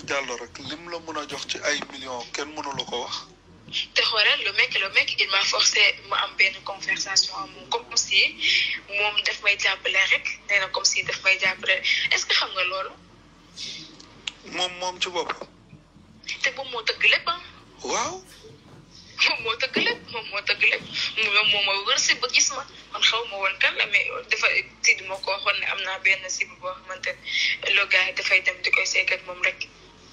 Mamour Diallo rek lim la mën a jox ci ay millions kenn mënu la ko wax. te xoolal le mec le mec il m'a forcé mu am benn conversation moom comme si moom daf may jàppale rek nee na comme si ce que xam nga loolu. moom moom moom moo tëgg lépp ah. moom moo tëgg lépp moom moo tëgg lépp ma wër ba gis ma man xaw ma woon kan la mais dafa si duma ko waxoon ne am naa benn cible boo xamante ne le dafay dem di koy seekat moom rek.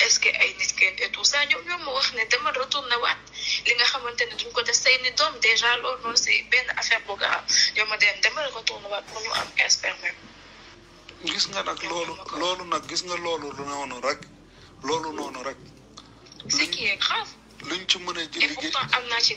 est-ce que ay nit kenn et tout ça ñoom ñoo ma wax ne dama retourné waat li nga xamante ne duñ ko def say ni doom déjà loolu noonu c'est benn affaire bu gaaw gis nga nag loolu rek loolu noonu rek. ce qui est grave. luñ ci mën a liggéey et pourtant am naa ci.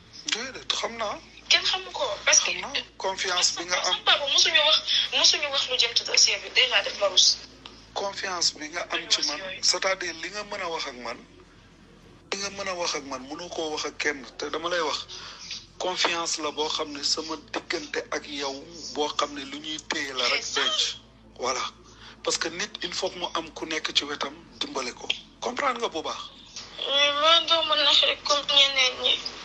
déedéet xam naa. kenn xamu ko parce que. bi nga am sama papa mosuñu wax mosuñu wax lu jëm bi confiance bi nga am ci man c'est-à-dire li nga mën a wax man. li nga mën a wax man mënoo koo wax ak kenn te dama lay wax confiance la boo xam ne sama diggante ak yow boo xam ne lu ñuy téye la rek denc. voilà parce que nit il faut mu am ku nekk ci wetam dimbali ko comprendre nga bu baax. man doo mën a comme ñeneen ñi.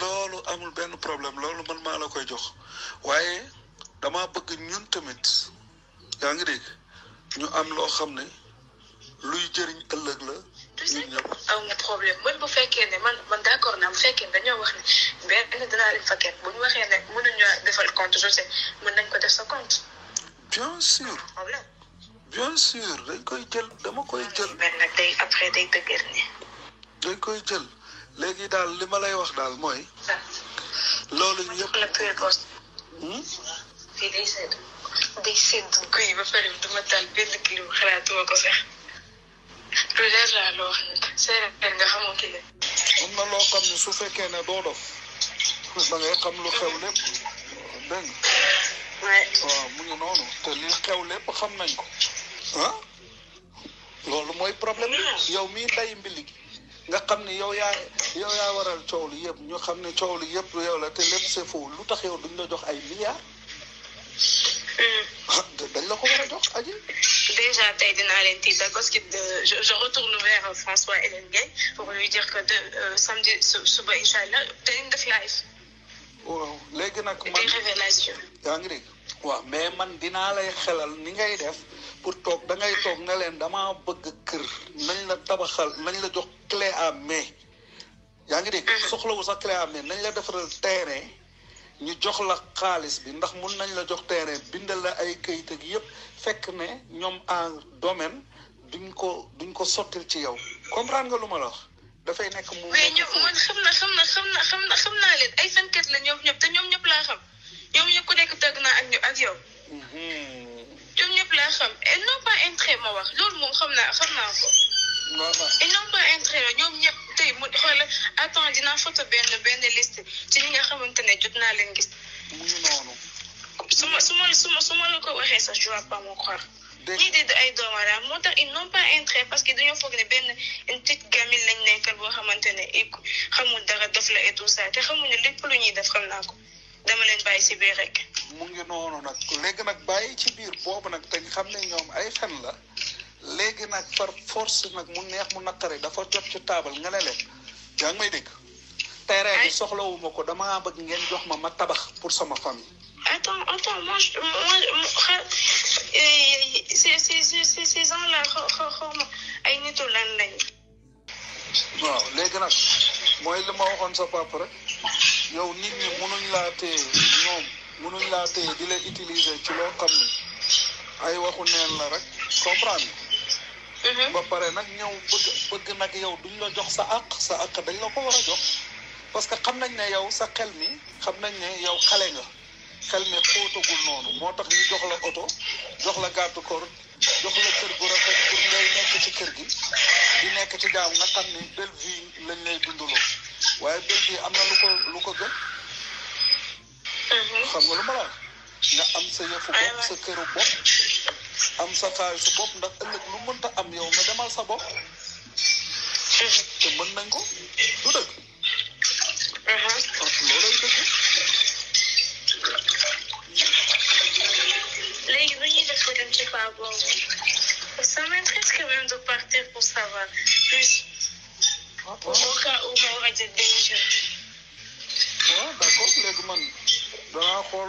loolu amul benn problème loolu man maa la koy jox waaye dama bëgg ñun tamit yaa ngi dégg ñu am loo xam ne luy jëriñ ëllëg la. ñun ñëpp aw ma problème man bu fekkee ne man man d'accord naa bu fekkee ne dañoo wax ne benn dinaa fa fakkee bu ñu waxee ne mënuñu defal compte je sais mën nañ ko def sa compte. bien sûr. bien sûr dañ koy jël dama koy jël. mais nag day après day dëgër ni dañ koy jël léegi daal li ma lay wax daal mooy. loolu ñëpp la précoce. fii day sedd day sedd guy ba pare ma taal benn kilo xalaatuma ko sax lu leer laa loo xam ne seereer nga xamoo ki am na loo xam ne su fekkee ne doo dof da ngay xam lu xew lépp dégg nga waaw mu ngi noonu te li xew lépp xam nañ ko ah loolu mooy problème yow mii nday mbili gi nga xam ne yow yaa yow yaa waral coow li yëpp ñu xam ne coow li yëpp yow la te lépp c'est faux lu tax yow duñ la jox ay milliards dañ la ko war a jox aji déjà tey dinaa leen tiital parce que je, je retourne vers François Hélène Gueye pour lui dire que de, euh, samedi ce incha allah dañ def live waaw léegi nag man des révélations yaa ngi dégg waaw mais man dinaa lay xelal ni ngay def pour toog da toog ne leen dama bëgg kër nañ la tabaxal nañ la jox clé à mais yaa ngi dégg mm-hmm. soxlawu sax clé à main nañ la defaral terrain ñu jox la xaalis bi ndax mun nañ la jox terrain bindal la ay kayit ak yëpp fekk ne ñoom en domaine duñ ko duñ ko sottil ci yow comprendre nga lu ma la wax dafay nekk mu mais ñoom man xam na xam na xam na xam na xam naa leen ay sànqeet la ñoom ñoom te ñoom xam ils n'ont pas intérêt ma wax loolu moom xam naa xam naa ko. ils n'ont pas intérêt ñoom ñëpp tey mu xoolal attends dinaa photo benn benn liste ci ñi nga xamante ne jot naa leen gis. su ma su ma su ma su ma la ko waxee sax je vois pas mon croire. ñii di ay doomu aadama moo tax ils n'ont pas intérêt parce que dañoo foog ne benn une petite gamine lañ nekkal boo xamante ne xamul dara def la et tout ça te xamuñu lépp lu ñuy def xam naa ko. dama leen bàyyi ci biir rek. mu ngi noonu nag léegi nag bàyyi ci biir boobu nag te xam ne ñoom ay fen la léegi nag par force nag mu neex mu naqari dafa jot ci taabal nga ne leen yaa may dégg. terrain bi soxlawuma ko dama bëgg ngeen jox ma ma tabax pour sama famille. attends attends moi je moi ces ces ces ces gens là xaw ma ay nitu lan lañ. waaw léegi nag. mooy li ma waxoon sa papa rek yow nit ñi munuñ laa téye ñoom munuñ laa téye di la utiliser ci loo xam ne ay waxu neen la rek comprendre mm-hmm. ba pare nag ñëw bëgg bëgg nag yow duñ la jox sa àq sa àq dañ la ko war a jox parce que xam nañ ne yow sa xel mi xam nañ ne yow xale nga xel mi xóotagul noonu moo tax ñu jox la oto jox la garde corps jox la kër gu rafet pour ngay ci kër gi di nekk ci jaaw nga xam ni belle vie lañ lay dundaloo waaye belle gi am na lu ko lu ko gën. Mm-hmm. xam nga lu ma nga am sa yëfu bopp sa këru bopp am sa xaalisu bopp ndax ëllëg lu mënta am yow nga demal sa bopp. Mm-hmm. te mën nañ ko du dëgg. Mm-hmm. Ah, foutu, un peu pas avoir Ça m'intéresse quand même de partir pour savoir plus. Ah, Au cas où on va des dangers. D'accord, ma mhm. ko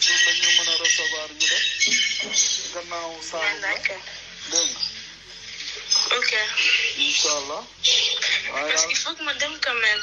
Je jour on a recevoir va. D'accord. ok. Inch'Allah. parce qu'il faut que quand même.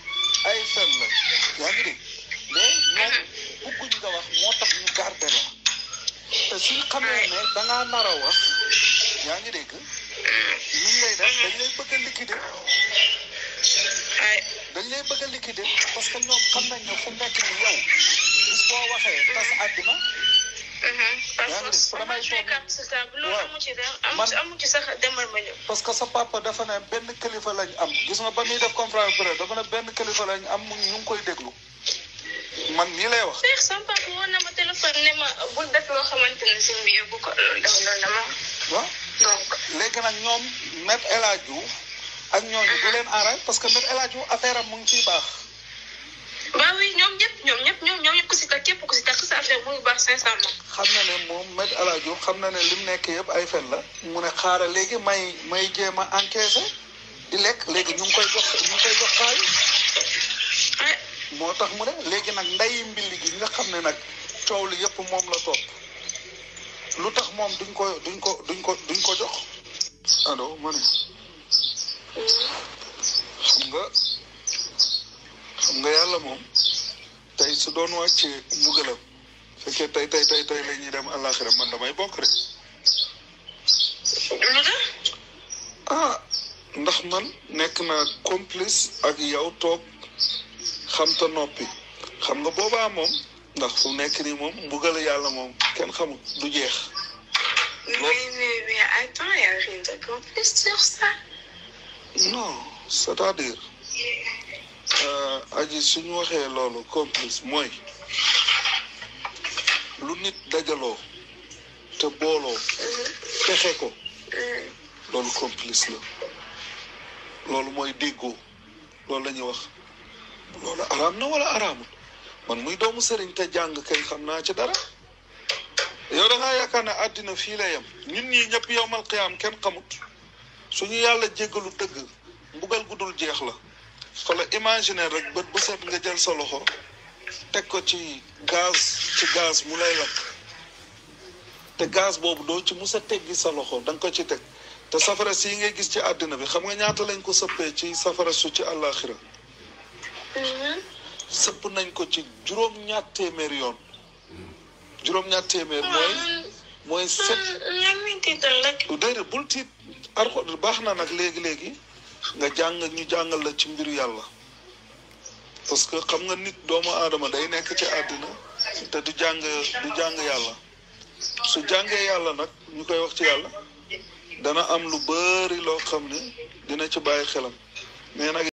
laa nar a wax yaa ngi dégg ñun lay def dañ lay bëgg a liquider dañ lay bëgg a liquider parce que ñoom xam nañ ne fu nekk ni yow bis boo waxee tas àddina mm-hmm. parce que sa papa dafa ne benn kilifa lañ am gis nga ba muy def conférence dafa ne benn kilifa lañ am ñu ngi koy déglu man nii lay wax. Cheikh Sampa woo na ma téléphone ne ma bul def loo xamante ne bi yóbbu ko loolu daw na ma. donc léegi nag ñoom Maître El ak ñooñu leen parce que affaire am mu ngi ku si takk képp ku si takk sa affaire mu ngi baax sincèrement. xam na ne moom Maître El xam na ne li nekk yëpp ay fen la. mu ne may may di lek, léegi ñu koy jox ñu koy jox moo tax mu ne léegi nag nday mbilli gi nga xam ne nag coow li yëpp moom la topp lu tax moom duñ ko duñ ko duñ ko duñ ko jox allo ma ne xam nga xam nga yàlla moom tey su doon wàccee mbugalam fekkee tey tey tey tey la ñuy dem àllaaxira man damay bokk rek ah ndax man nekk naa complice ak yow toog xam te noppi xam nga boobaa moom ndax fu nekk nii moom mbugal yàlla moom kenn xamul du jeex. mais mais mais attends, il c'est-à-dire. Euh, aji suñu waxee loolu complice mooy lu nit dajaloo te booloo mm-hmm. fexe ko mm-hmm. loolu complice la loolu mooy déggoo loolu la wax loolu araam na wala araamul man muy doomu sëriñ te jàng kay xam naa ci dara yow da ngaa yaakaar ne àddina fii la yem ñun ñii ñëpp yowmal qiyaam kenn xamut suñu yàlla jéggalu dëgg mbugal gu dul jeex la fala imaginer rek bët bu set nga jël sa loxo teg ko ci gaz ci gaz mu lay lakk te gaz boobu doo ci musa teggi sa loxo da ko ci teg te safara si yi ngay gis ci àddina bi xam nga ñaata lañ ko sëppee ci safara su ci àllaaxira Mm-hmm. sepp nañ ko ci juróom-ñaar téeméer yoon juróom-ñaar téeméer mooy mooy set mm-hmm. Udah bul tiit arko baax na ya ya nak léegi-léegi nga jàng ñu jàngal la ci mbir yàlla parce que xam nga nit doomu aadama day nekk ci àddina te du jàng du jàng yàlla su jàngee yàlla nag ñu koy wax ci yàlla dana am lu bëri loo xam ne dina ci bàyyi ya xelam mais nag